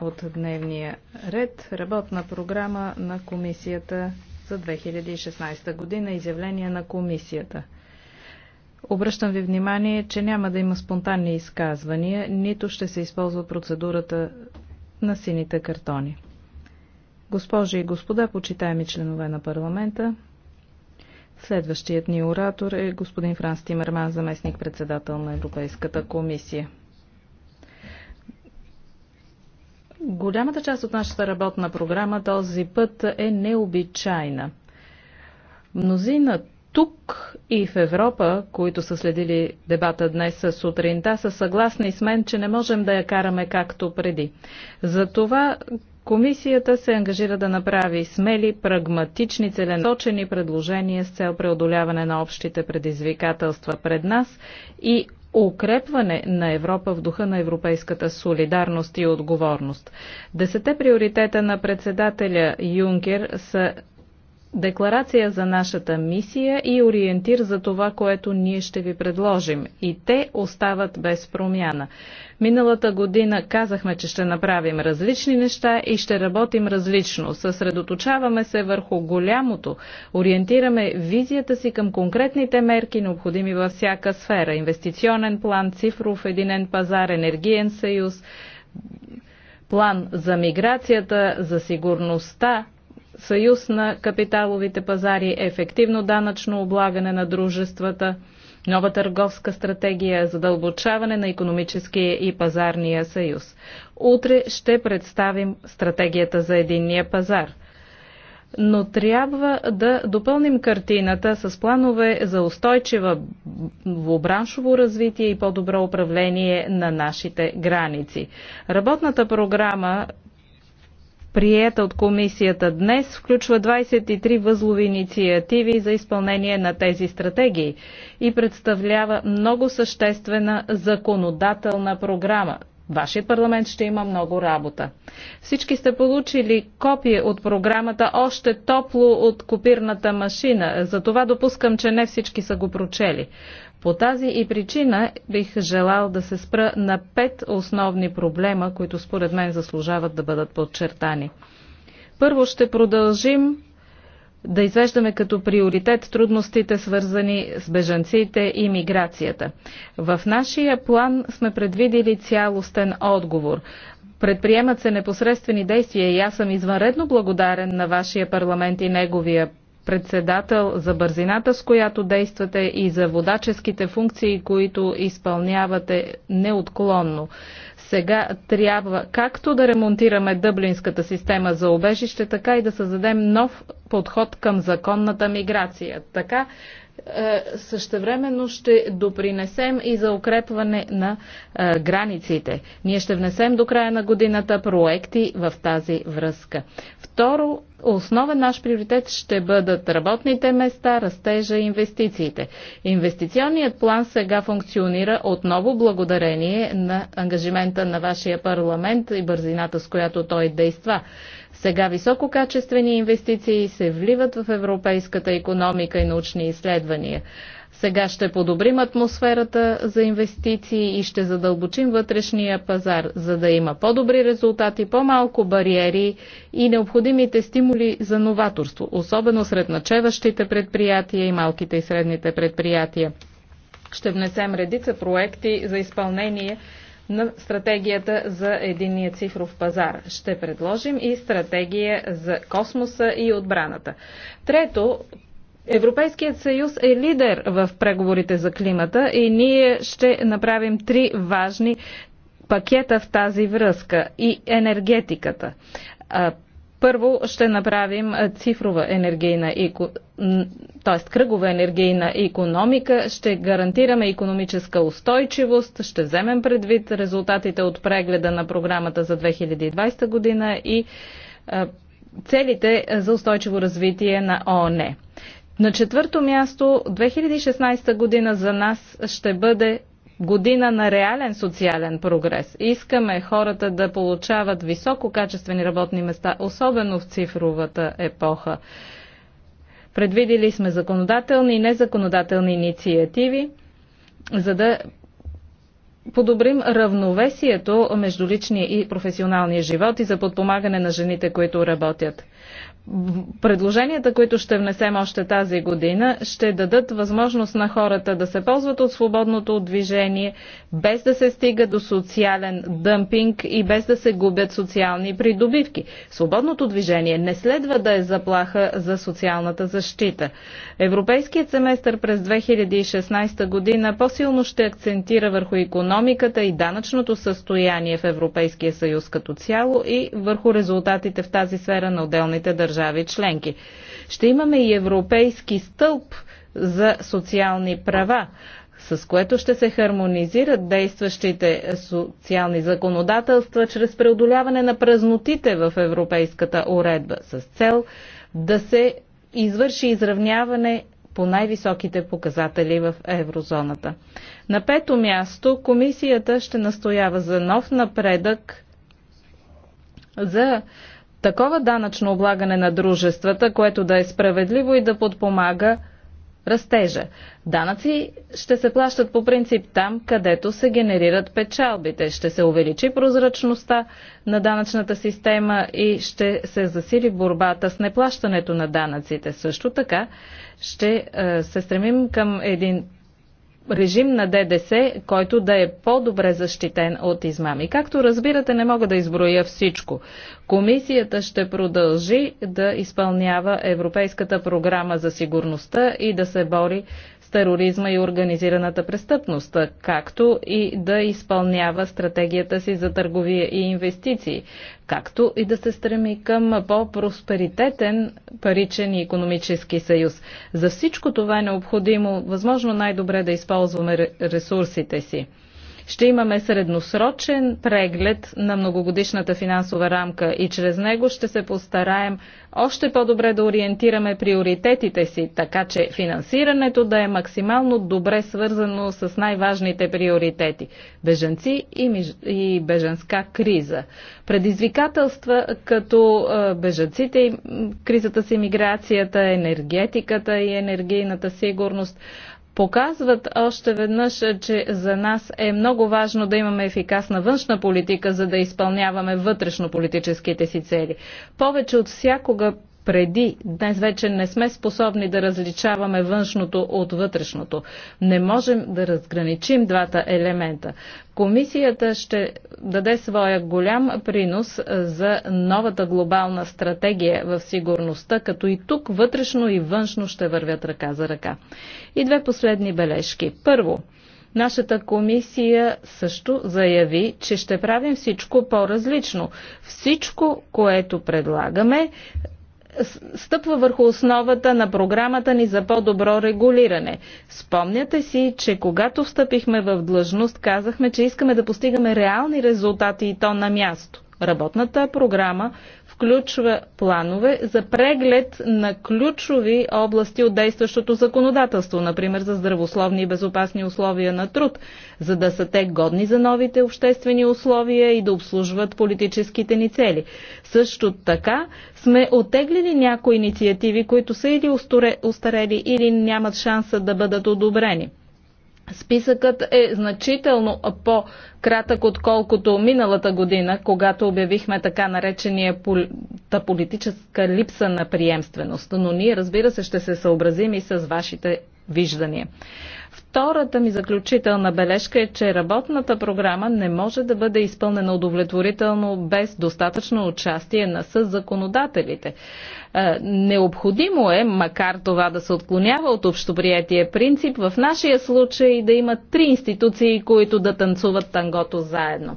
от дневния ред. Работна програма на комисията за 2016 година. Изявление на комисията. Обръщам ви внимание, че няма да има спонтанни изказвания, нито ще се използва процедурата на сините картони. Госпожи и господа, почитаеми членове на парламента, следващият ни оратор е господин Франс Тимерман, заместник председател на Европейската комисия. Голямата част от нашата работна програма този път е необичайна. Мнозина тук и в Европа, които са следили дебата днес сутринта, са съгласни с мен, че не можем да я караме както преди. Затова комисията се ангажира да направи смели, прагматични, целенасочени предложения с цел преодоляване на общите предизвикателства пред нас и укрепване на Европа в духа на европейската солидарност и отговорност. Десете приоритета на председателя Юнкер са декларация за нашата мисия и ориентир за това, което ние ще ви предложим. И те остават без промяна. Миналата година казахме, че ще направим различни неща и ще работим различно. Съсредоточаваме се върху голямото. Ориентираме визията си към конкретните мерки, необходими във всяка сфера. Инвестиционен план, цифров единен пазар, енергиен съюз, план за миграцията, за сигурността, съюз на капиталовите пазари, ефективно данъчно облагане на дружествата, нова търговска стратегия, задълбочаване на економическия и пазарния съюз. Утре ще представим стратегията за единния пазар. Но трябва да допълним картината с планове за устойчива браншово развитие и по-добро управление на нашите граници. Работната програма приета от комисията днес, включва 23 възлови инициативи за изпълнение на тези стратегии и представлява много съществена законодателна програма. Вашият парламент ще има много работа. Всички сте получили копие от програмата още топло от копирната машина, затова допускам, че не всички са го прочели. По тази и причина бих желал да се спра на пет основни проблема, които според мен заслужават да бъдат подчертани. Първо ще продължим да извеждаме като приоритет трудностите, свързани с бежанците и миграцията. В нашия план сме предвидили цялостен отговор. Предприемат се непосредствени действия и аз съм извънредно благодарен на вашия парламент и неговия председател, за бързината, с която действате и за водаческите функции, които изпълнявате неотклонно. Сега трябва както да ремонтираме дъблинската система за обежище, така и да създадем нов подход към законната миграция. Така е, същевременно ще допринесем и за укрепване на е, границите. Ние ще внесем до края на годината проекти в тази връзка. Второ, Основен наш приоритет ще бъдат работните места, растежа и инвестициите. Инвестиционният план сега функционира отново благодарение на ангажимента на вашия парламент и бързината с която той действа. Сега висококачествени инвестиции се вливат в европейската економика и научни изследвания. Сега ще подобрим атмосферата за инвестиции и ще задълбочим вътрешния пазар, за да има по-добри резултати, по-малко бариери и необходимите стимули за новаторство, особено сред начеващите предприятия и малките и средните предприятия. Ще внесем редица проекти за изпълнение на стратегията за единния цифров пазар. Ще предложим и стратегия за космоса и отбраната. Трето, Европейският съюз е лидер в преговорите за климата и ние ще направим три важни пакета в тази връзка и енергетиката. Първо ще направим цифрова енергийна, т.е. кръгова енергийна економика, ще гарантираме економическа устойчивост, ще вземем предвид резултатите от прегледа на програмата за 2020 година и целите за устойчиво развитие на ООН. На четвърто място, 2016 година за нас ще бъде година на реален социален прогрес. Искаме хората да получават висококачествени работни места, особено в цифровата епоха. Предвидили сме законодателни и незаконодателни инициативи, за да подобрим равновесието между личния и професионалния живот и за подпомагане на жените, които работят предложенията, които ще внесем още тази година, ще дадат възможност на хората да се ползват от свободното движение, без да се стига до социален дъмпинг и без да се губят социални придобивки. Свободното движение не следва да е заплаха за социалната защита. Европейският семестър през 2016 година по-силно ще акцентира върху економиката и данъчното състояние в Европейския съюз като цяло и върху резултатите в тази сфера на отделните държави държави членки. Ще имаме и европейски стълб за социални права, с което ще се хармонизират действащите социални законодателства чрез преодоляване на празнотите в европейската уредба с цел да се извърши изравняване по най-високите показатели в еврозоната. На пето място комисията ще настоява за нов напредък за такова данъчно облагане на дружествата, което да е справедливо и да подпомага растежа. Данъци ще се плащат по принцип там, където се генерират печалбите. Ще се увеличи прозрачността на данъчната система и ще се засили борбата с неплащането на данъците. Също така ще е, се стремим към един режим на ДДС, който да е по-добре защитен от измами. Както разбирате, не мога да изброя всичко. Комисията ще продължи да изпълнява Европейската програма за сигурността и да се бори с тероризма и организираната престъпност, както и да изпълнява стратегията си за търговия и инвестиции, както и да се стреми към по-просперитетен паричен и економически съюз. За всичко това е необходимо възможно най-добре да използваме ресурсите си. Ще имаме средносрочен преглед на многогодишната финансова рамка и чрез него ще се постараем още по-добре да ориентираме приоритетите си, така че финансирането да е максимално добре свързано с най-важните приоритети – беженци и, миж... и беженска криза. Предизвикателства като беженците, кризата с иммиграцията, енергетиката и енергийната сигурност – показват още веднъж, че за нас е много важно да имаме ефикасна външна политика, за да изпълняваме вътрешно политическите си цели. Повече от всякога преди. Днес вече не сме способни да различаваме външното от вътрешното. Не можем да разграничим двата елемента. Комисията ще даде своя голям принос за новата глобална стратегия в сигурността, като и тук вътрешно и външно ще вървят ръка за ръка. И две последни бележки. Първо, Нашата комисия също заяви, че ще правим всичко по-различно. Всичко, което предлагаме, стъпва върху основата на програмата ни за по-добро регулиране. Спомняте си, че когато встъпихме в длъжност, казахме, че искаме да постигаме реални резултати и то на място. Работната програма включва планове за преглед на ключови области от действащото законодателство, например за здравословни и безопасни условия на труд, за да са те годни за новите обществени условия и да обслужват политическите ни цели. Също така сме отеглили някои инициативи, които са или устарели, или нямат шанса да бъдат одобрени. Списъкът е значително по-кратък, отколкото миналата година, когато обявихме така наречения политическа липса на приемственост. Но ние, разбира се, ще се съобразим и с вашите виждания. Втората ми заключителна бележка е, че работната програма не може да бъде изпълнена удовлетворително без достатъчно участие на съзаконодателите. Е, необходимо е, макар това да се отклонява от общоприятия принцип, в нашия случай да има три институции, които да танцуват тангото заедно.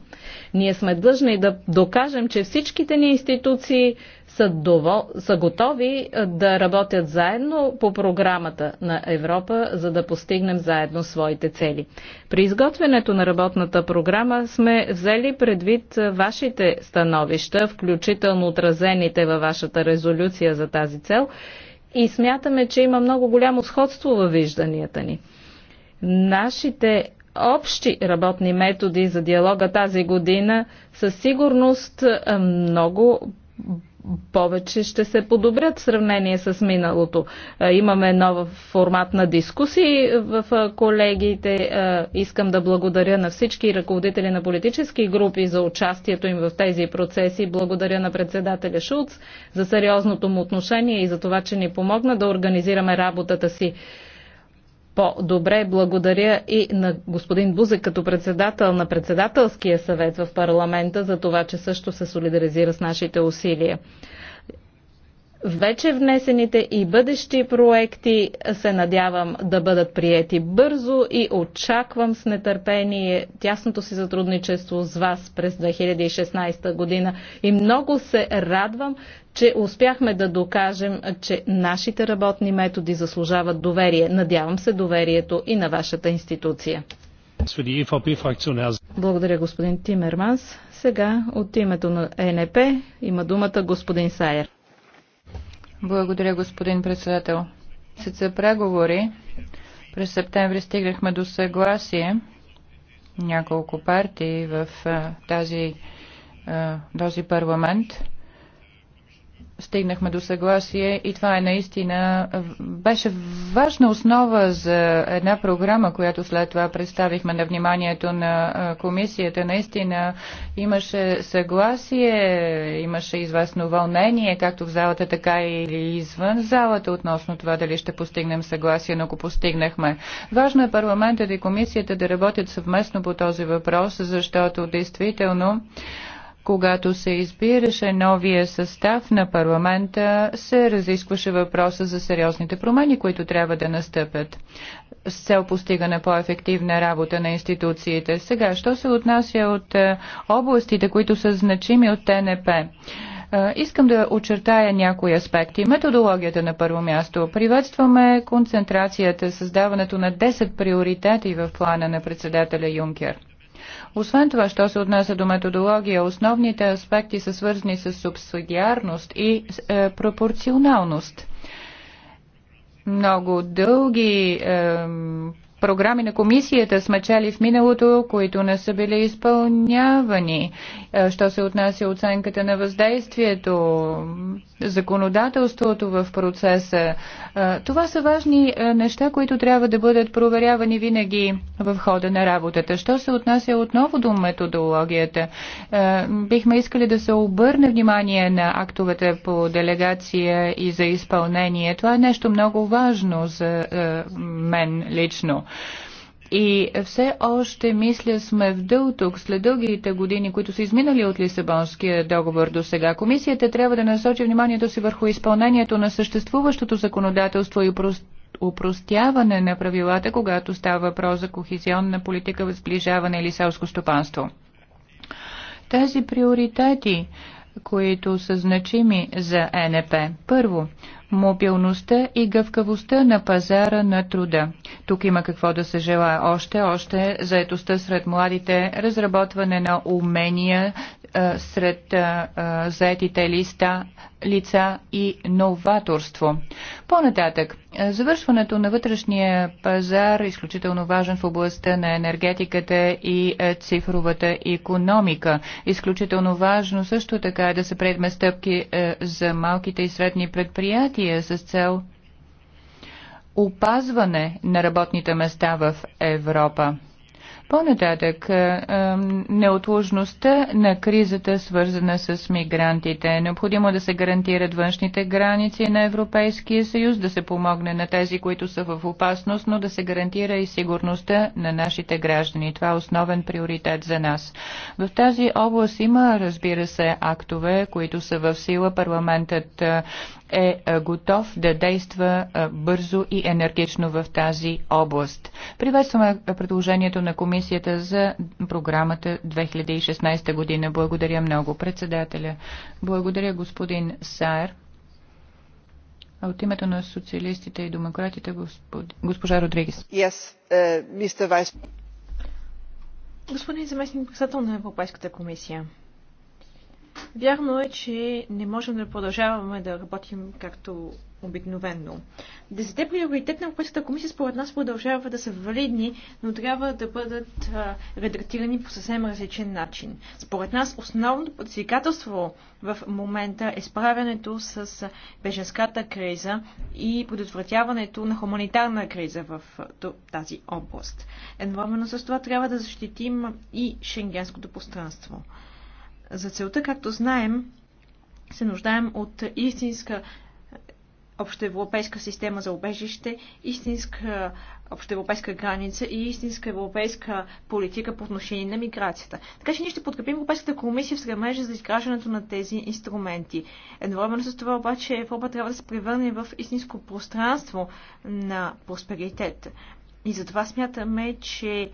Ние сме длъжни да докажем, че всичките ни институции са, дово, са готови е, да работят заедно по програмата на Европа, за да постигнем заедно своите цели. При изготвянето на работната програма сме взели предвид е, вашите становища, включително отразените във вашата резолюция за тази цел и смятаме, че има много голямо сходство във вижданията ни. Нашите общи работни методи за диалога тази година със сигурност е, много повече ще се подобрят в сравнение с миналото. Имаме нов формат на дискусии в колегите. Искам да благодаря на всички ръководители на политически групи за участието им в тези процеси. Благодаря на председателя Шулц за сериозното му отношение и за това, че ни помогна да организираме работата си по-добре. Благодаря и на господин Бузек като председател на председателския съвет в парламента за това, че също се солидаризира с нашите усилия вече внесените и бъдещи проекти се надявам да бъдат приети бързо и очаквам с нетърпение тясното си затрудничество с вас през 2016 година и много се радвам, че успяхме да докажем, че нашите работни методи заслужават доверие. Надявам се доверието и на вашата институция. Благодаря, господин Тимерманс. Сега от името на ЕНП има думата господин Сайер. Благодаря, господин председател. След преговори през септември стигнахме до съгласие няколко партии в тази, този парламент стигнахме до съгласие и това е наистина беше важна основа за една програма, която след това представихме на вниманието на комисията. Наистина имаше съгласие, имаше известно вълнение, както в залата, така и извън залата, относно това дали ще постигнем съгласие, но ако постигнахме. Важно е парламентът и комисията да работят съвместно по този въпрос, защото действително когато се избираше новия състав на парламента, се разискваше въпроса за сериозните промени, които трябва да настъпят с цел постигане по-ефективна работа на институциите. Сега, що се отнася от е, областите, които са значими от ТНП? Е, искам да очертая някои аспекти. Методологията на първо място. Приветстваме концентрацията, създаването на 10 приоритети в плана на председателя Юнкер. Освен това, що се отнася до методология, основните аспекти са свързани с субсидиарност и е, пропорционалност. Много дълги е, програми на комисията сме чели в миналото, които не са били изпълнявани. Е, що се отнася оценката на въздействието, законодателството в процеса. Това са важни неща, които трябва да бъдат проверявани винаги в хода на работата. Що се отнася отново до методологията? Бихме искали да се обърне внимание на актовете по делегация и за изпълнение. Това е нещо много важно за мен лично. И все още, мисля, сме в дъл тук, след дългите години, които са изминали от Лисабонския договор до сега. Комисията трябва да насочи вниманието си върху изпълнението на съществуващото законодателство и упростяване на правилата, когато става въпрос за кохезионна политика, възближаване или селско стопанство. Тези приоритети които са значими за НП. Първо, мобилността и гъвкавостта на пазара на труда. Тук има какво да се желая още, още заетостта сред младите, разработване на умения сред заетите листа, лица и новаторство. По-нататък, завършването на вътрешния пазар е изключително важен в областта на енергетиката и цифровата економика. Изключително важно също така е да се предме стъпки за малките и средни предприятия с цел опазване на работните места в Европа. По-нататък, е, е, неотложността на кризата, свързана с мигрантите, е необходимо да се гарантират външните граници на Европейския съюз, да се помогне на тези, които са в опасност, но да се гарантира и сигурността на нашите граждани. Това е основен приоритет за нас. В тази област има, разбира се, актове, които са в сила. Парламентът е, е готов да действа бързо и енергично в тази област. Приветстваме предложението на комисията комисията за програмата 2016 година. Благодаря много, председателя. Благодаря, господин Саер. А от името на социалистите и демократите, господ... госпожа Родригес. Yes, uh, Vice... господин заместник председател на Европейската комисия. Вярно е, че не можем да продължаваме да работим както обикновенно. Десете приоритет на Европейската комисия според нас продължава да са валидни, но трябва да бъдат а, редактирани по съвсем различен начин. Според нас основното предизвикателство в момента е справянето с беженската криза и предотвратяването на хуманитарна криза в тази област. Едновременно с това трябва да защитим и шенгенското пространство. За целта, както знаем, се нуждаем от истинска общоевропейска система за обежище, истинска общоевропейска граница и истинска европейска политика по отношение на миграцията. Така че ние ще подкрепим Европейската комисия в стремежа за изграждането на тези инструменти. Едновременно с това обаче Европа трябва да се превърне в истинско пространство на просперитет. И затова смятаме, че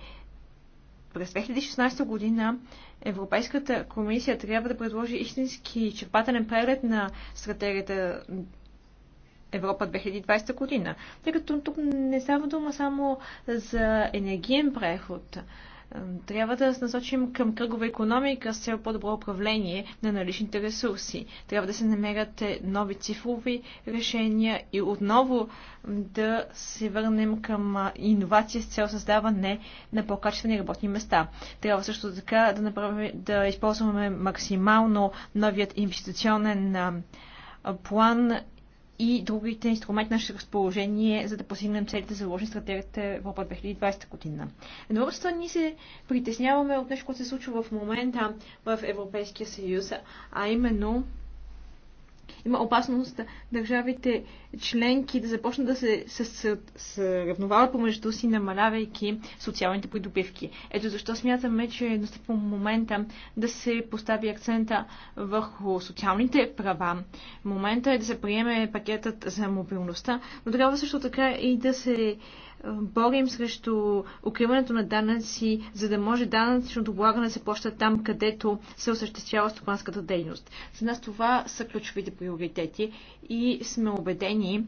през 2016 година Европейската комисия трябва да предложи истински черпателен преглед на стратегията Европа 2020 година. Тъй като тук не става дума само за енергиен преход, трябва да се насочим към кръгова економика с цел по-добро управление на наличните ресурси. Трябва да се намерят е, нови цифрови решения и отново да се върнем към иновация с цел създаване на по-качествени работни места. Трябва също така да, направим, да използваме максимално новият инвестиционен план и другите инструменти на наше разположение, за да постигнем целите заложени стратегията Европа 2020 година. Едновременно ние се притесняваме от нещо, което се случва в момента в Европейския съюз, а именно има опасност държавите членки да започнат да се съравновават помежду си, намалявайки социалните придобивки. Ето защо смятаме, че е настъпил момента да се постави акцента върху социалните права. Момента е да се приеме пакетът за мобилността, но трябва също така и да се борим срещу укриването на данъци, за да може данъчното облагане да се плаща там, където се осъществява стопанската дейност. За нас това са ключовите приоритети и сме убедени,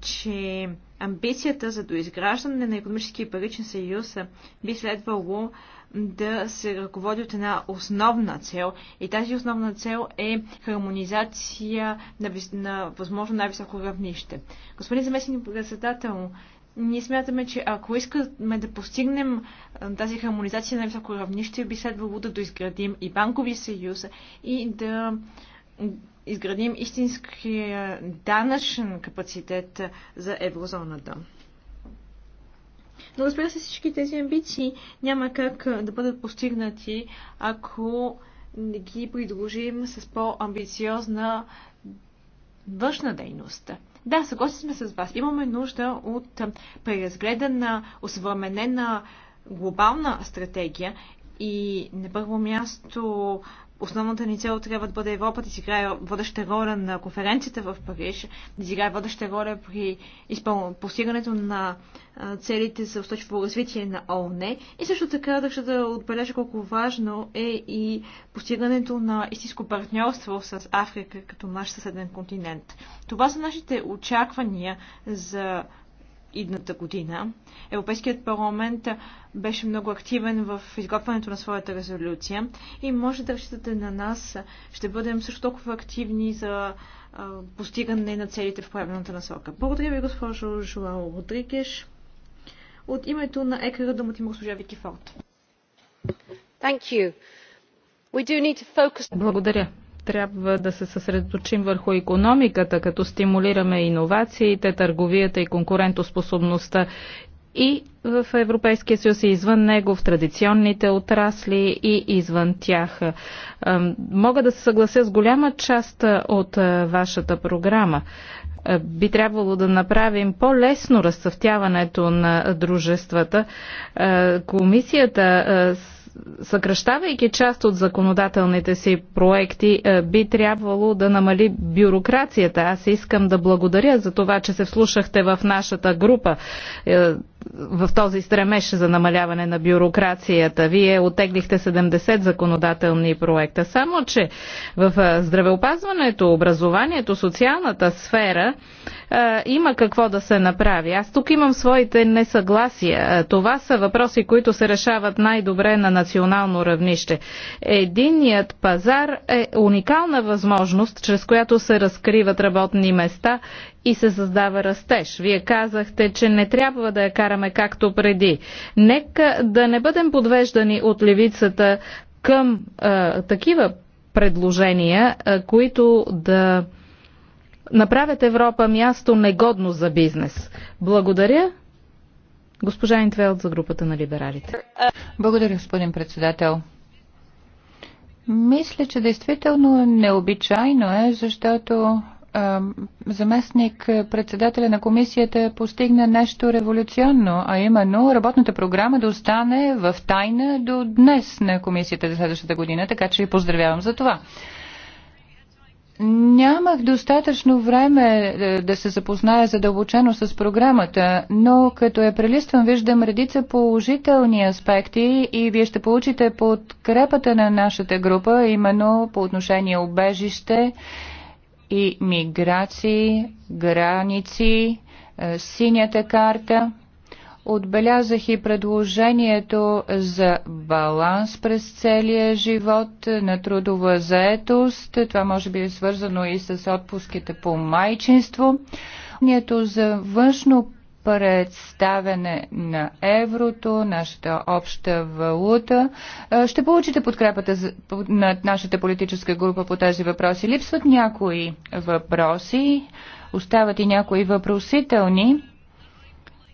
че амбицията за доизграждане на економически и паричен съюз би следвало да се ръководи от една основна цел. И тази основна цел е хармонизация на, на възможно най-високо равнище. Господин заместник председател, ние смятаме, че ако искаме да постигнем тази хармонизация на високо равнище, би следвало да доизградим и банкови съюз и да изградим истински данъчен капацитет за еврозоната. Но разбира се, всички тези амбиции няма как да бъдат постигнати, ако не ги придружим с по-амбициозна външна дейност. Да, съгласни сме с вас. Имаме нужда от преразгледана, осъвременена глобална стратегия и на първо място основната ни цел трябва да бъде Европа да изиграе водеща роля на конференцията в Париж, да изиграе водеща роля при постигането на целите за устойчиво развитие на ООН и също така ще да отбележа колко важно е и постигането на истинско партньорство с Африка като наш съседен континент. Това са нашите очаквания за идната година. Европейският парламент беше много активен в изготвянето на своята резолюция и може да разчитате на нас. Ще бъдем също толкова активни за постигане на целите в правилната насока. Благодаря ви, госпожо Жуал Родригеш. От името на ЕКР думата има госпожа Вики Форд. Благодаря трябва да се съсредоточим върху економиката, като стимулираме иновациите, търговията и конкурентоспособността и в Европейския съюз и извън него, в традиционните отрасли и извън тях. Мога да се съглася с голяма част от вашата програма. Би трябвало да направим по-лесно разцъфтяването на дружествата. Комисията съкръщавайки част от законодателните си проекти, е, би трябвало да намали бюрокрацията. Аз искам да благодаря за това, че се вслушахте в нашата група е, в този стремеж за намаляване на бюрокрацията. Вие отеглихте 70 законодателни проекта. Само, че в е, здравеопазването, образованието, социалната сфера има какво да се направи. Аз тук имам своите несъгласия. Това са въпроси, които се решават най-добре на национално национално равнище. Единият пазар е уникална възможност, чрез която се разкриват работни места и се създава растеж. Вие казахте, че не трябва да я караме както преди. Нека да не бъдем подвеждани от левицата към а, такива предложения, а, които да направят Европа място негодно за бизнес. Благодаря. Госпожа Интвелд за групата на либералите. Благодаря, господин председател. Мисля, че действително необичайно е, защото заместник председателя на комисията постигна нещо революционно, а именно работната програма да остане в тайна до днес на комисията за следващата година, така че ви поздравявам за това. Нямах достатъчно време е, да се запозная задълбочено с програмата, но като я прелиствам, виждам редица положителни аспекти и вие ще получите подкрепата на нашата група, именно по отношение обежище и миграции, граници, е, синята карта – Отбелязах и предложението за баланс през целия живот на трудова заетост. Това може би е свързано и с отпуските по майчинство. Нието за външно представяне на еврото, нашата обща валута. Ще получите подкрепата на нашата политическа група по тези въпроси. Липсват някои въпроси, остават и някои въпросителни.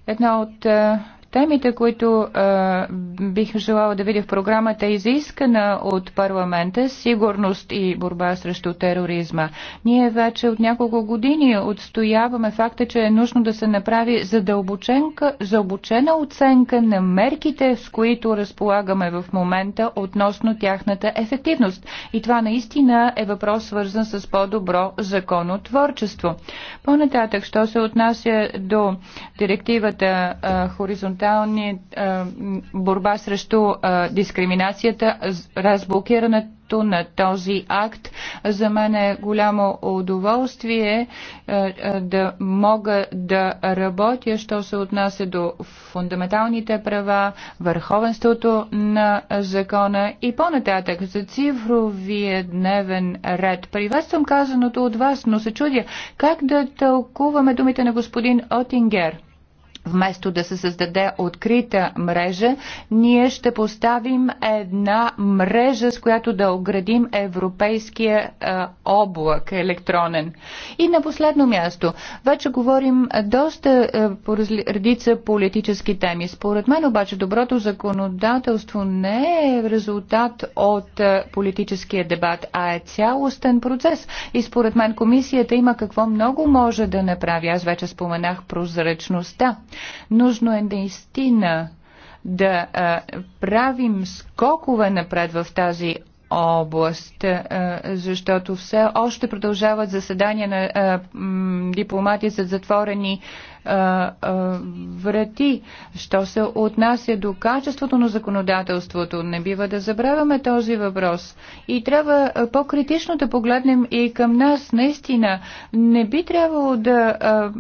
Една от Темите, които е, бих желала да видя в програмата, е изискана от парламента сигурност и борба срещу тероризма. Ние вече от няколко години отстояваме факта, че е нужно да се направи задълбочена оценка на мерките, с които разполагаме в момента относно тяхната ефективност. И това наистина е въпрос свързан с по-добро законотворчество. По-нататък, що се отнася до директивата е, хоризонтална, хоризонтални а, борба срещу а, дискриминацията, разблокирането на този акт. За мен е голямо удоволствие а, а, да мога да работя, що се отнася до фундаменталните права, върховенството на закона и по-нататък за цифровия дневен ред. Приветствам казаното от вас, но се чудя как да тълкуваме думите на господин Отингер. Вместо да се създаде открита мрежа, ние ще поставим една мрежа, с която да оградим европейския е, облак електронен. И на последно място, вече говорим доста е, по редица политически теми. Според мен обаче доброто законодателство не е резултат от е, политическия дебат, а е цялостен процес. И според мен комисията има какво много може да направи. Аз вече споменах прозрачността. Нужно е наистина да а, правим скокове напред в тази област, защото все още продължават заседания на дипломати за затворени а, а, врати. Що се отнася до качеството на законодателството, не бива да забравяме този въпрос. И трябва по-критично да погледнем и към нас. Наистина, не би трябвало да а,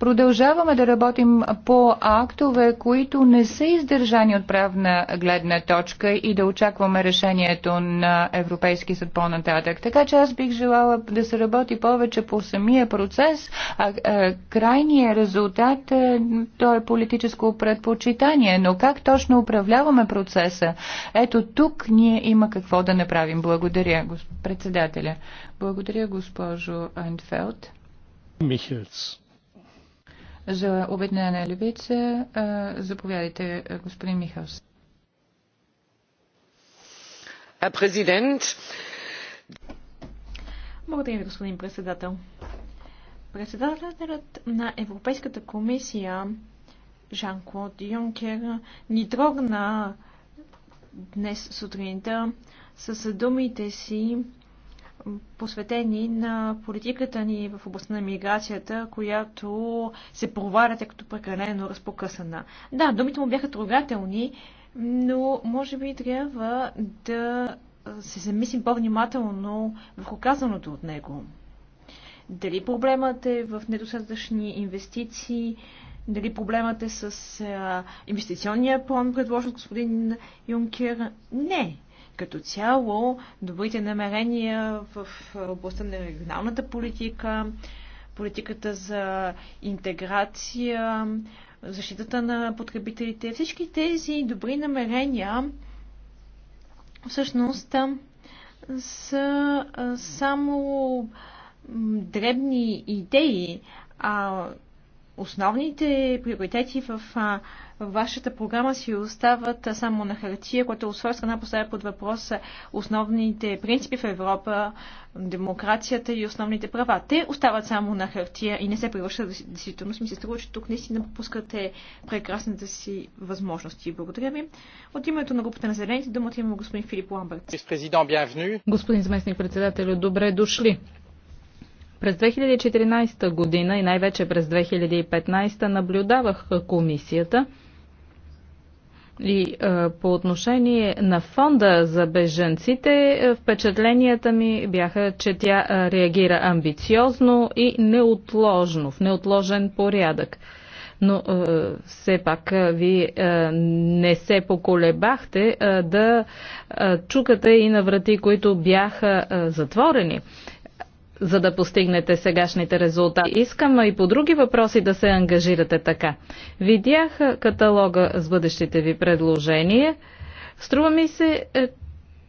продължаваме да работим по актове, които не са издържани от правна гледна точка и да очакваме решението на Европейски съд по-нататък. Така че аз бих желала да се работи повече по самия процес, а, а крайния крайния резултат е, то е политическо предпочитание, но как точно управляваме процеса? Ето тук ние има какво да направим. Благодаря, председателя. Благодаря, госпожо Айнфелд. Михелц. За обеднена левица, е, заповядайте, господин Михелс. Президент. Благодаря ви, господин председател. Председателят на Европейската комисия Жан-Клод Юнкер ни трогна днес сутринта с думите си, посветени на политиката ни в областта на миграцията, която се проваря тъй като прекалено разпокъсана. Да, думите му бяха трогателни, но може би трябва да се замислим по-внимателно върху казаното от него. Дали проблемът е в недостатъчни инвестиции, дали проблемът е с инвестиционния план, предложен господин Юнкер? Не. Като цяло, добрите намерения в областта на регионалната политика, политиката за интеграция, защитата на потребителите, всички тези добри намерения всъщност са само дребни идеи, а основните приоритети в вашата програма си остават само на хартия, което от своя страна поставя под въпрос основните принципи в Европа, демокрацията и основните права. Те остават само на хартия и не се превръщат в действителност. Ми се струва, че тук наистина пропускате прекрасните си възможности. Благодаря ви. От името на групата на зелените думата има господин Филип Ламберт. Господин заместник председател, добре дошли. През 2014 година и най-вече през 2015 наблюдавах комисията и е, по отношение на фонда за беженците, е, впечатленията ми бяха, че тя е, реагира амбициозно и неотложно, в неотложен порядък но е, все пак е, ви е, не се поколебахте е, да е, чукате и на врати, които бяха е, затворени за да постигнете сегашните резултати. Искам и по други въпроси да се ангажирате така. Видях каталога с бъдещите ви предложения. Струва ми се, е,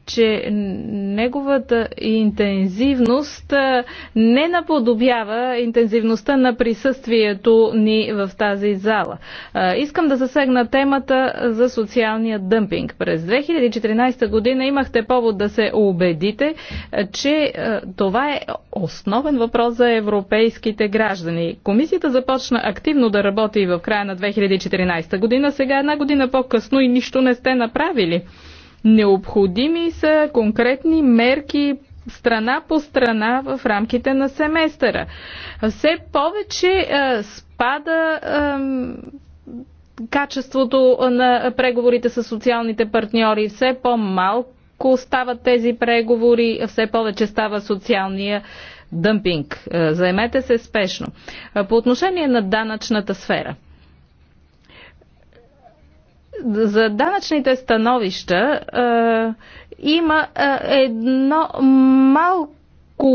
че неговата интензивност не наподобява интензивността на присъствието ни в тази зала. Искам да засегна темата за социалния дъмпинг. През 2014 година имахте повод да се убедите, че това е основен въпрос за европейските граждани. Комисията започна активно да работи в края на 2014 година. Сега една година по-късно и нищо не сте направили. Необходими са конкретни мерки страна по страна в рамките на семестъра. Все повече а, е, спада а, качеството на преговорите с социалните партньори, все по-малко стават тези преговори, все повече става социалния дъмпинг. Е, Займете се спешно. Е, по отношение на данъчната сфера – за данъчните становища е, има е, едно малко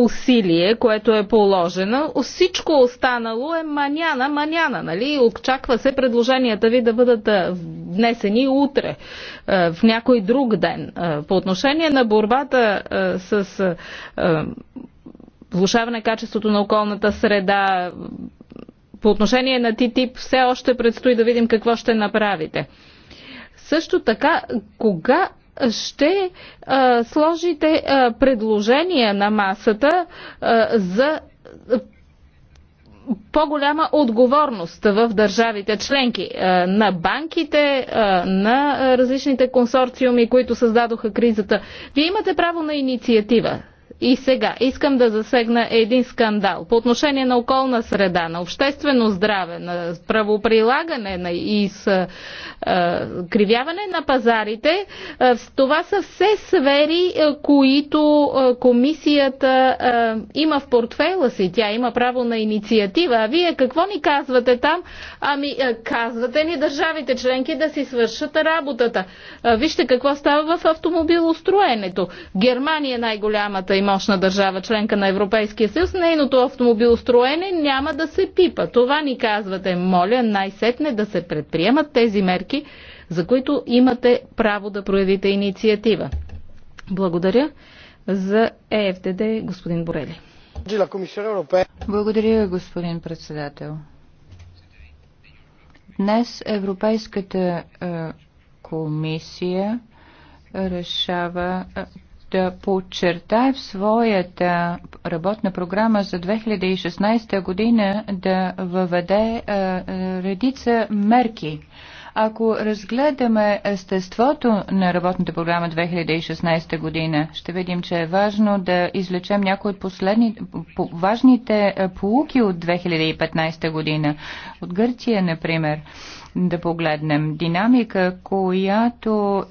усилие, което е положено. Всичко останало е маняна, маняна, нали? Очаква се предложенията ви да бъдат е, внесени утре, е, в някой друг ден. Е, по отношение на борбата е, с е, влушаване качеството на околната среда, по отношение на ТИТИП все още предстои да видим какво ще направите. Също така, кога ще а, сложите а, предложения на масата а, за по-голяма отговорност в държавите членки на банките, на различните консорциуми, които създадоха кризата. Вие имате право на инициатива. И сега искам да засегна един скандал по отношение на околна среда, на обществено здраве, на правоприлагане на и с а, кривяване на пазарите. А, това са все сфери, а, които а, комисията а, има в портфейла си. Тя има право на инициатива. А вие какво ни казвате там? Ами а, казвате ни държавите членки да си свършат работата. А, вижте какво става в автомобилостроенето. Германия е най-голямата мощна държава, членка на Европейския съюз, нейното автомобилостроене няма да се пипа. Това ни казвате. Моля най-сетне да се предприемат тези мерки, за които имате право да проявите инициатива. Благодаря за ЕФТД, господин Борели. Благодаря, господин председател. Днес Европейската е, комисия е, решава е, да подчертае в своята работна програма за 2016 година да въведе е, е, редица мерки. Ако разгледаме естеството на работната програма 2016 година, ще видим, че е важно да излечем някои от последни, по, важните е, полуки от 2015 година. От Гърция, например да погледнем. Динамика, която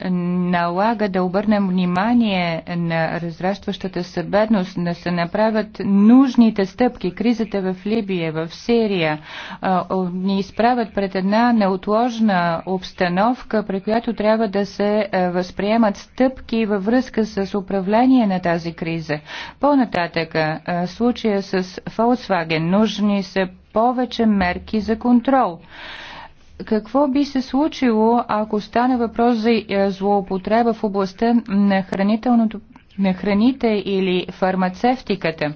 е, налага да обърнем внимание на разрастващата събедност, да се направят нужните стъпки. Кризата в Либия, в Сирия е, ни изправят пред една неотложна обстановка, при която трябва да се е, възприемат стъпки във връзка с управление на тази криза. по нататък е, случая с Volkswagen, нужни са повече мерки за контрол какво би се случило, ако стане въпрос за е, злоупотреба в областта на хранителното на храните или фармацевтиката.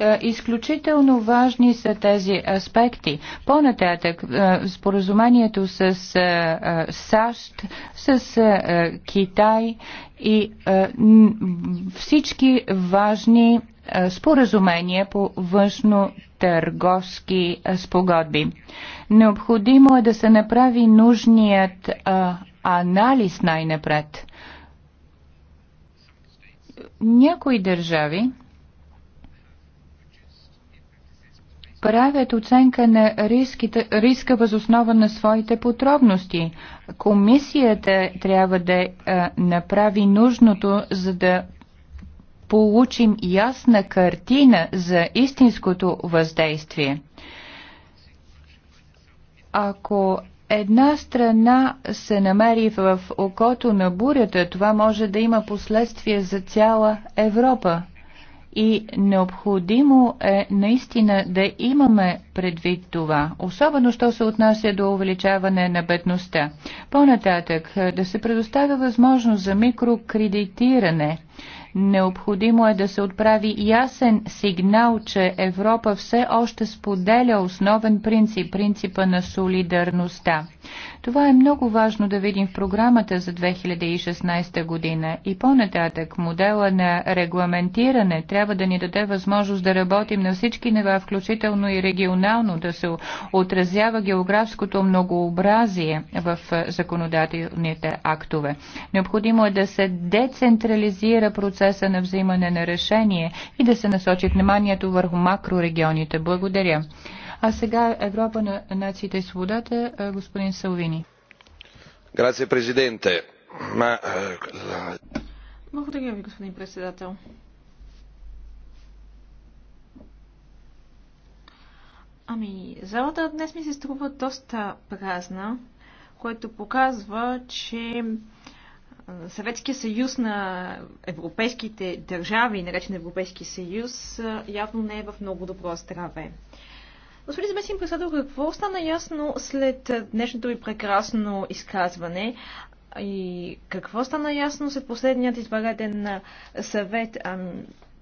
Е, изключително важни са тези аспекти. По-нататък, е, споразумението с САЩ, с Китай и всички важни споразумения по външно търговски спогодби. Необходимо е да се направи нужният а, анализ най-напред. Някои държави правят оценка на риските, риска възоснова на своите подробности. Комисията трябва да а, направи нужното, за да получим ясна картина за истинското въздействие. Ако една страна се намери в окото на бурята, това може да има последствия за цяла Европа. И необходимо е наистина да имаме предвид това, особено що се отнася до увеличаване на бедността. По-нататък да се предоставя възможност за микрокредитиране Необходимо е да се отправи ясен сигнал, че Европа все още споделя основен принцип, принципа на солидарността. Това е много важно да видим в програмата за 2016 година и по-нататък модела на регламентиране трябва да ни даде възможност да работим на всички нива, включително и регионално, да се отразява географското многообразие в законодателните актове. Необходимо е да се децентрализира процеса на взимане на решение и да се насочи вниманието върху макрорегионите. Благодаря. А сега Европа на нациите и свободата, е, господин Салвини. Грация, президенте. Е, Благодаря ви, господин председател. Ами, залата днес ми се струва доста празна, което показва, че е, Съветския съюз на европейските държави, наречен Европейски съюз, явно не е в много добро здраве. Господин заместник председател, какво стана ясно след днешното ви прекрасно изказване? И какво стана ясно след последният избирателен съвет? Ами,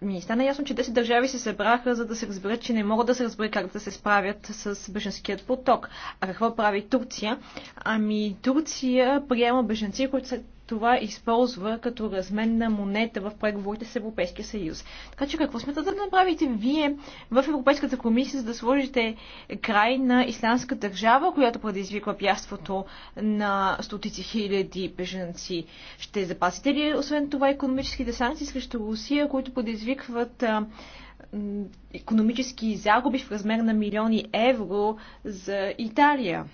ми стана ясно, че тези държави се събраха, за да се разберат, че не могат да се разберат как да се справят с беженският поток. А какво прави Турция? Ами Турция приема беженци, които са това използва като разменна монета в преговорите с Европейския съюз. Така че какво смятате да направите вие в Европейската комисия, за да сложите край на исландска държава, която предизвиква пяството на стотици хиляди беженци? Ще запасите ли, освен това, економическите санкции срещу Русия, които предизвикват економически загуби в размер на милиони евро за Италия?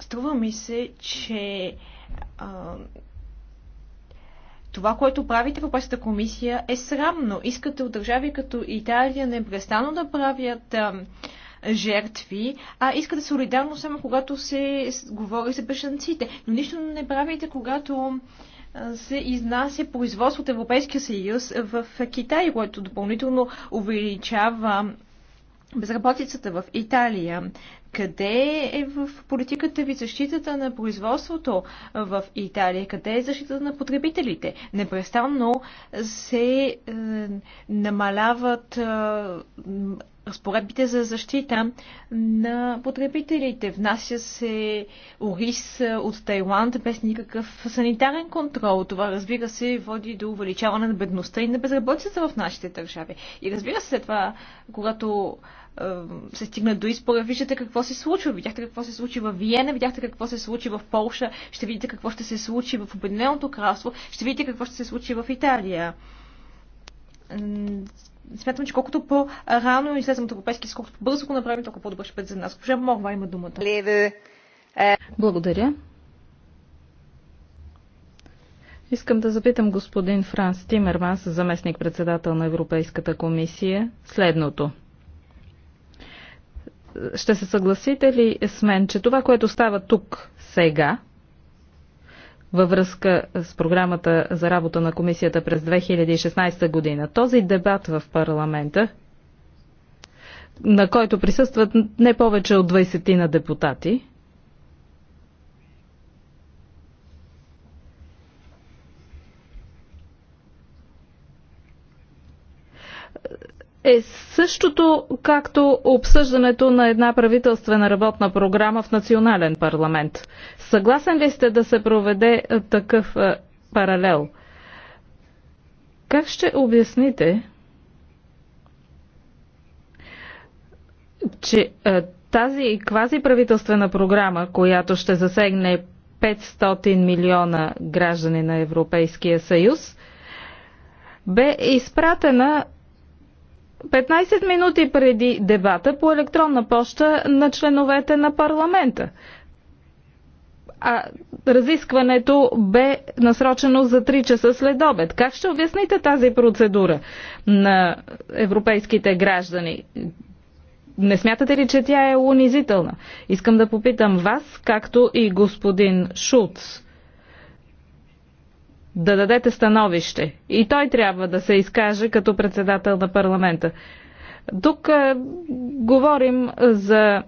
Струва ми се, че а, това, което правите в Европейската комисия е срамно. Искате от държави като Италия непрестанно да правят а, жертви, а искате солидарно само когато се говори за бешенците. Но нищо не правите, когато се изнася производство от Европейския съюз в Китай, което допълнително увеличава безработицата в Италия. Къде е в политиката ви защитата на производството в Италия? Къде е защитата на потребителите? Непрестанно се е, намаляват е, разпоредбите за защита на потребителите. Внася се ориз от Тайланд без никакъв санитарен контрол. Това, разбира се, води до увеличаване на бедността и на безработицата в нашите държави. И разбира се, това, когато се стигна до избора. Виждате какво се случва. Видяхте какво се случи в Виена, видяхте какво се случи в Полша, ще видите какво ще се случи в Обединеното кралство, ще видите какво ще се случи в Италия. Смятам, че колкото по-рано излезем от Европейския съюз, колкото по-бързо го направим, толкова по-добър ще бъде за нас. Госпожа Морва има думата. Е. Благодаря. Искам да запитам господин Франс Тимерманс, заместник председател на Европейската комисия, следното ще се съгласите ли с мен, че това, което става тук сега, във връзка с програмата за работа на комисията през 2016 година, този дебат в парламента, на който присъстват не повече от 20 на депутати, е същото, както обсъждането на една правителствена работна програма в национален парламент. Съгласен ли сте да се проведе е, такъв е, паралел? Как ще обясните, че е, тази квази правителствена програма, която ще засегне 500 милиона граждани на Европейския съюз, бе изпратена 15 минути преди дебата по електронна поща на членовете на парламента. А разискването бе насрочено за 3 часа след обед. Как ще обясните тази процедура на европейските граждани? Не смятате ли, че тя е унизителна? Искам да попитам вас, както и господин Шуц да дадете становище. И той трябва да се изкаже като председател на парламента. Тук говорим за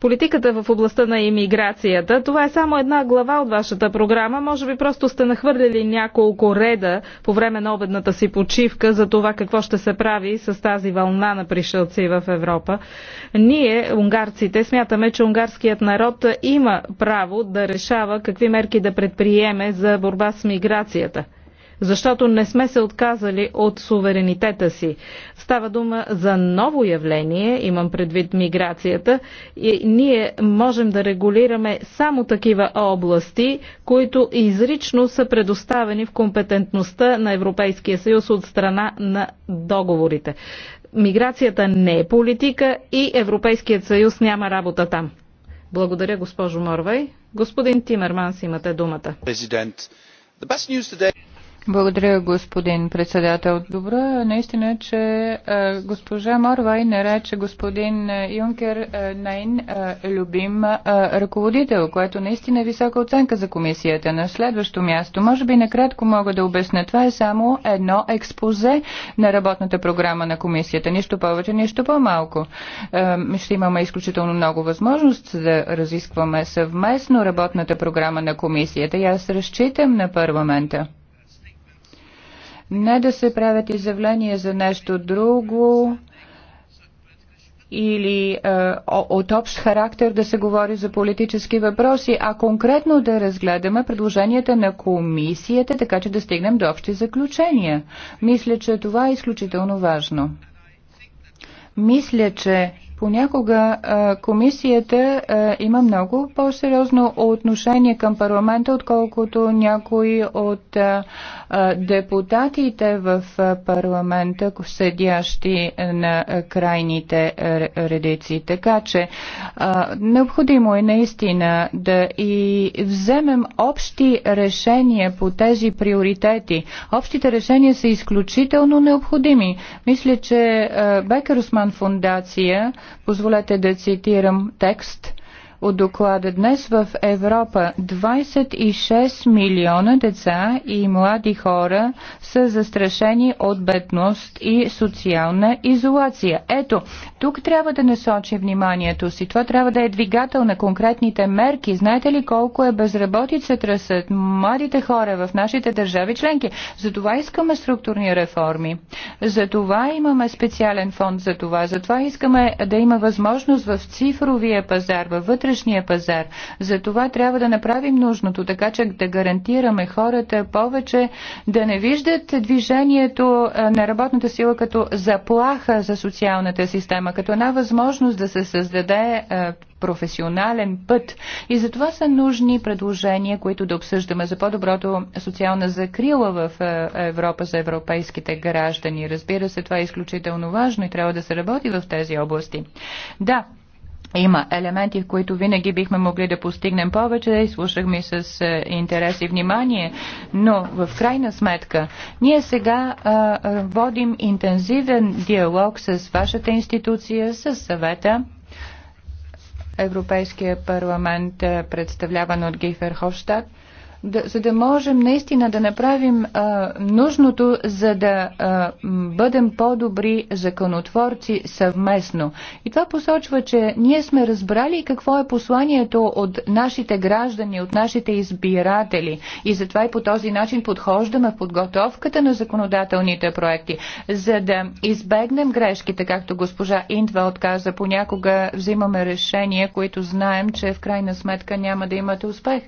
Политиката в областта на иммиграцията, това е само една глава от вашата програма. Може би просто сте нахвърлили няколко реда по време на обедната си почивка за това какво ще се прави с тази вълна на пришелци в Европа. Ние, унгарците, смятаме, че унгарският народ има право да решава какви мерки да предприеме за борба с миграцията защото не сме се отказали от суверенитета си. Става дума за ново явление, имам предвид миграцията, и ние можем да регулираме само такива области, които изрично са предоставени в компетентността на Европейския съюз от страна на договорите. Миграцията не е политика и Европейският съюз няма работа там. Благодаря, госпожо Морвай. Господин Тимерманс, имате думата. Президент, благодаря, господин председател. Добро е наистина, че е, госпожа Морвай нарече господин е, Юнкер най любим ръководител, което наистина е висока оценка за комисията. На следващо място, може би накратко мога да обясня, това е само едно експозе на работната програма на комисията. Нищо повече, нищо по-малко. Ще имаме изключително много възможност да разискваме съвместно работната програма на комисията и аз разчитам на парламента не да се правят изявления за нещо друго или е, от общ характер да се говори за политически въпроси, а конкретно да разгледаме предложенията на комисията, така че да стигнем до общи заключения. Мисля, че това е изключително важно. Мисля, че Понякога комисията има много по-сериозно отношение към парламента, отколкото някои от депутатите в парламента, седящи на крайните редици. Така че необходимо е наистина да и вземем общи решения по тези приоритети. Общите решения са изключително необходими. Мисля, че Бекерсман фундация Позволете да цитирам текст – от доклада днес в Европа 26 милиона деца и млади хора са застрашени от бедност и социална изолация. Ето, тук трябва да насочи вниманието си. Това трябва да е двигател на конкретните мерки. Знаете ли колко е безработица тръсът младите хора в нашите държави членки? Затова искаме структурни реформи. Затова имаме специален фонд за това. Затова искаме да има възможност в цифровия пазар, във вътре вътрешния пазар. За това трябва да направим нужното, така че да гарантираме хората повече да не виждат движението на работната сила като заплаха за социалната система, като една възможност да се създаде професионален път. И за това са нужни предложения, които да обсъждаме за по-доброто социална закрила в Европа за европейските граждани. Разбира се, това е изключително важно и трябва да се работи в тези области. Да, има елементи, в които винаги бихме могли да постигнем повече, и слушахме с е, интерес и внимание, но в крайна сметка ние сега а, водим интензивен диалог с вашата институция, с съвета. Европейския парламент, е, представляван от Гейфер Хофштадт да, за да можем наистина да направим а, нужното, за да а, бъдем по-добри законотворци съвместно. И това посочва, че ние сме разбрали какво е посланието от нашите граждани, от нашите избиратели. И затова и по този начин подхождаме в подготовката на законодателните проекти, за да избегнем грешките, както госпожа Индва отказа. Понякога взимаме решения, които знаем, че в крайна сметка няма да имате успех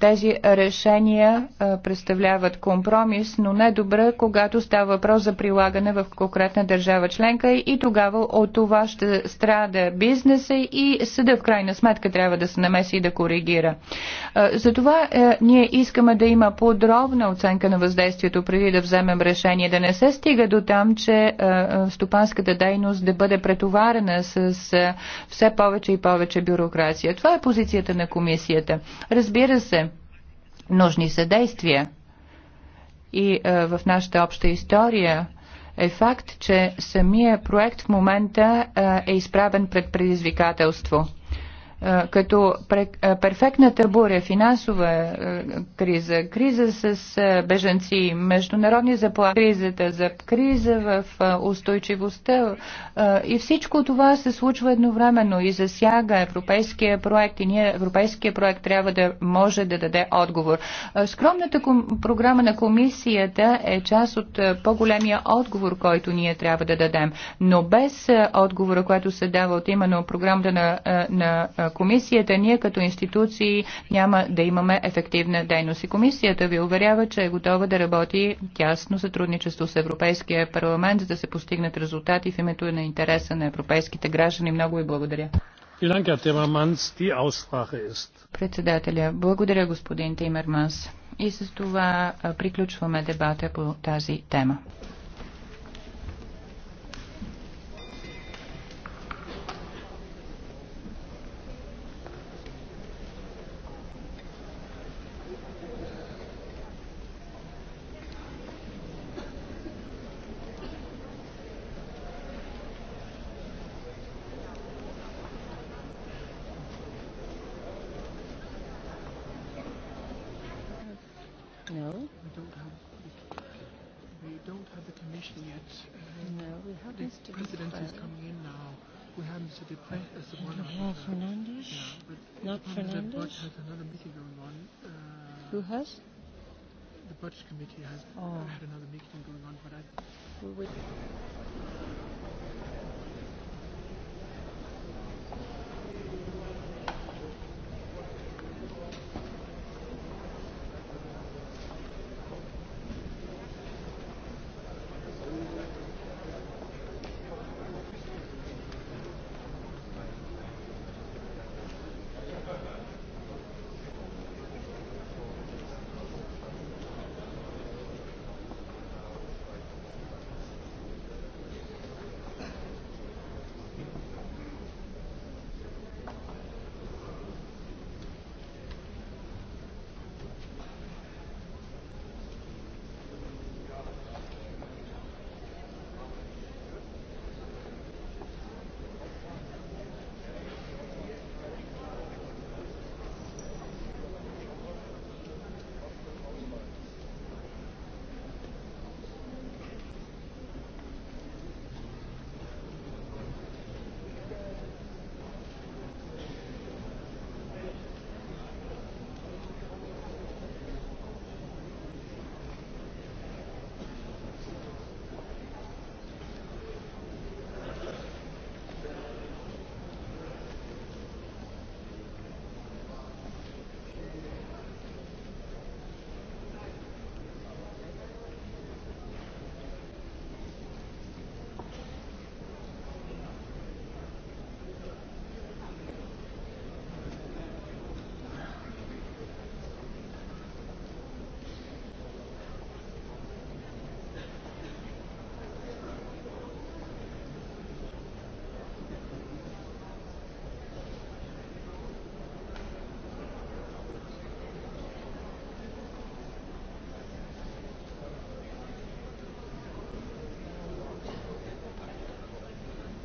тези решения представляват компромис, но не добре, когато става въпрос за прилагане в конкретна държава членка и тогава от това ще страда бизнеса и съда в крайна сметка трябва да се намеси и да коригира. Е, затова е, ние искаме да има подробна оценка на въздействието преди да вземем решение, да не се стига до там, че е, стопанската дейност да бъде претоварена с все повече и повече бюрокрация. Това е позицията на комисията. Разбира се, нужни са действия. И в нашата обща история е факт, че самия проект в момента е изправен пред предизвикателство – като перфектната буря, финансова криза, криза с бежанци, международни заплати, кризата за криза в устойчивостта и всичко това се случва едновременно и засяга европейския проект и ние европейския проект трябва да може да даде отговор. Скромната програма на комисията е част от по-големия отговор, който ние трябва да дадем, но без отговора, който се дава от именно програмата на, на комисията, ние като институции няма да имаме ефективна дейност. И комисията ви уверява, че е готова да работи тясно сътрудничество с Европейския парламент, за да се постигнат резултати в името на интереса на европейските граждани. Много ви благодаря. Председателя, благодаря господин Тимерманс. И с това приключваме дебата по тази тема. No. We don't have. We don't have the commission yet. Uh, no, we have the Mr. president is coming in now. We have Mr. Depre as the one. Of have Fernandes. Yeah, but Not Fernandes. has another meeting going on. Uh, Who has? The budget committee has oh. had another meeting going on, but I. We would.